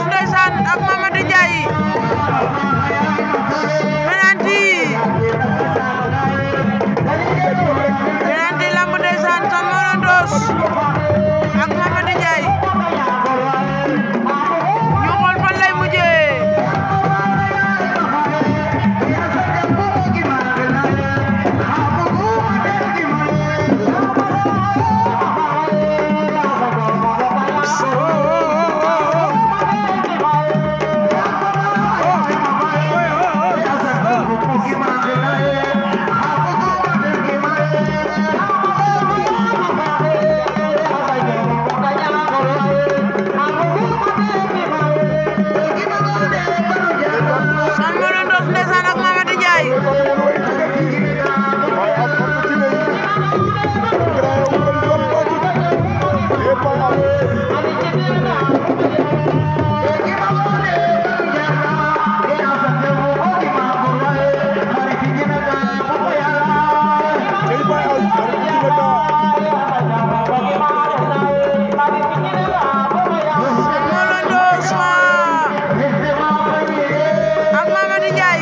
Diouf ndeysaan ak Mamadou Ndiaye меня